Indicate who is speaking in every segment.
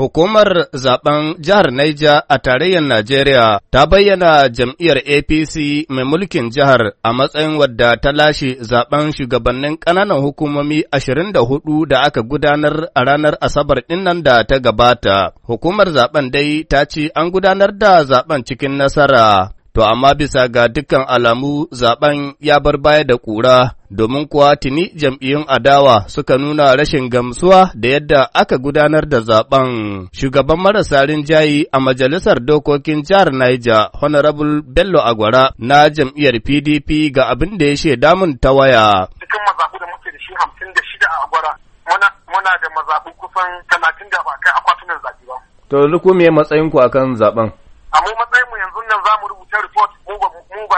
Speaker 1: Hukumar zaben jihar Naija a tarayyar Najeriya ta bayyana jam'iyyar APC mai mulkin jihar a matsayin wadda ta lashe zaben shugabannin ƙananan hukumomi 24 da aka gudanar a ranar Asabar ɗinnan da ta gabata. Hukumar zaben dai ta ce an gudanar da zaben cikin nasara to amma bisa ga dukkan alamu zaben ya bar baya da ƙura domin kuwa tuni jam'iyyun adawa suka nuna rashin gamsuwa da yadda aka gudanar da zaben shugaban marasa rinjayi a majalisar dokokin jihar Niger Honorable Bello Agwara na jam'iyyar PDP ga abin da ya shaida mun ta waya cikin mazaɓu da muke da shi hamsin da shida a Agwara muna da mazaɓu kusan talatin da ba kai akwatunan zaɓe ba to luku me matsayinku akan zaben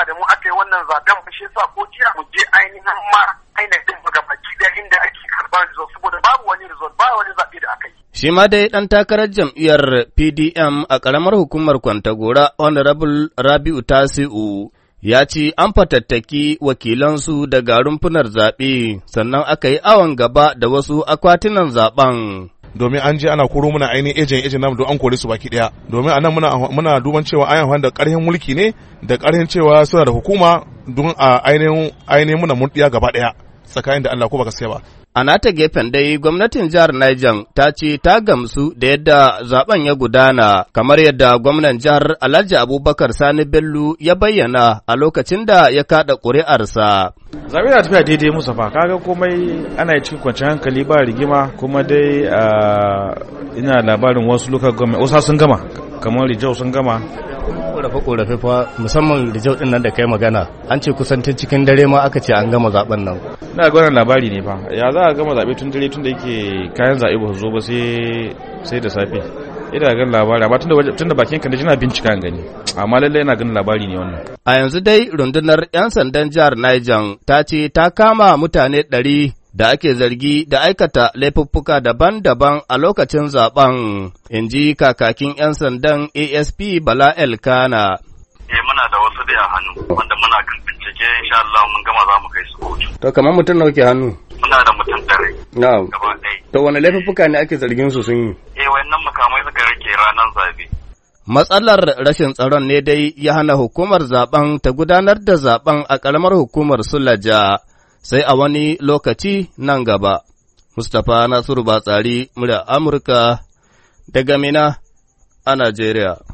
Speaker 1: da mu aka yi wannan zaben ba shi yasa ko jiya mu je ainihin ma ainihin daga baki da inda ake karɓar result saboda babu wani result ba wani zaɓe da aka yi. Shi ma dai ɗan takarar jam'iyyar PDM a ƙaramar hukumar Kwantagora Honorable Rabi'u Tasi'u ya ce an fatattaki wakilansu daga rumfunar zaɓe sannan aka yi awon gaba da wasu akwatunan zaɓen. domin an je ana koro muna ainihin ejen ejen namu don an kore su baki daya domin anan muna muna duban cewa ayan da karhin mulki ne da karhin cewa suna da hukuma don a ainihin ainihin muna mun gaba daya tsakanin da Allah ko baka siya ba. A nata gefen dai gwamnatin jihar Niger ta ce ta gamsu da yadda zaben ya gudana kamar yadda gwamnan jihar Alhaji Abubakar Sani Bello ya bayyana a lokacin da ya kada ƙuri'arsa. zabe na tafiya daidai musa fa kaga
Speaker 2: komai ana cikin kwanciyar hankali ba rigima kuma dai ah, ina
Speaker 1: labarin wasu lokacin gwamnati wasu sun gama kamar rijau sun gama korafe-korafe fa musamman rijau din nan da kai magana an ce kusan tun cikin dare ma aka ce an gama zaben nan na ga wannan labari ne fa
Speaker 2: ya za a gama zaɓe tun dare tun da yake kayan zaɓe ba su zo ba sai da
Speaker 1: safe ina ganin labari amma tunda tunda bakin kan jina bincika an gani amma lalle ina ganin labari ne wannan a yanzu dai rundunar yan sandan jihar Niger ta ce ta kama mutane ɗari da ake zargi da aikata laifuffuka daban-daban a lokacin zaben, in ji kakakin 'yan sandan ASP Bala Elkana. Eh muna
Speaker 2: da wasu da hannu wanda muna kan bincike insha Allah mun gama za mu kai su kotu.
Speaker 1: To kamar mutum nawa ke hannu? Muna da mutum dare. Na'am. To wani laifuffuka ne ake zargin su sun yi? Eh wayannan makamai suka rike ranar zabe. Matsalar rashin tsaron ne dai ya hana hukumar zaben ta gudanar da zaben a ƙaramar hukumar Sulaja. sai a wani lokaci nan gaba. Mustapha Nasiru Batsari, murya Amurka, daga Mina a Najeriya.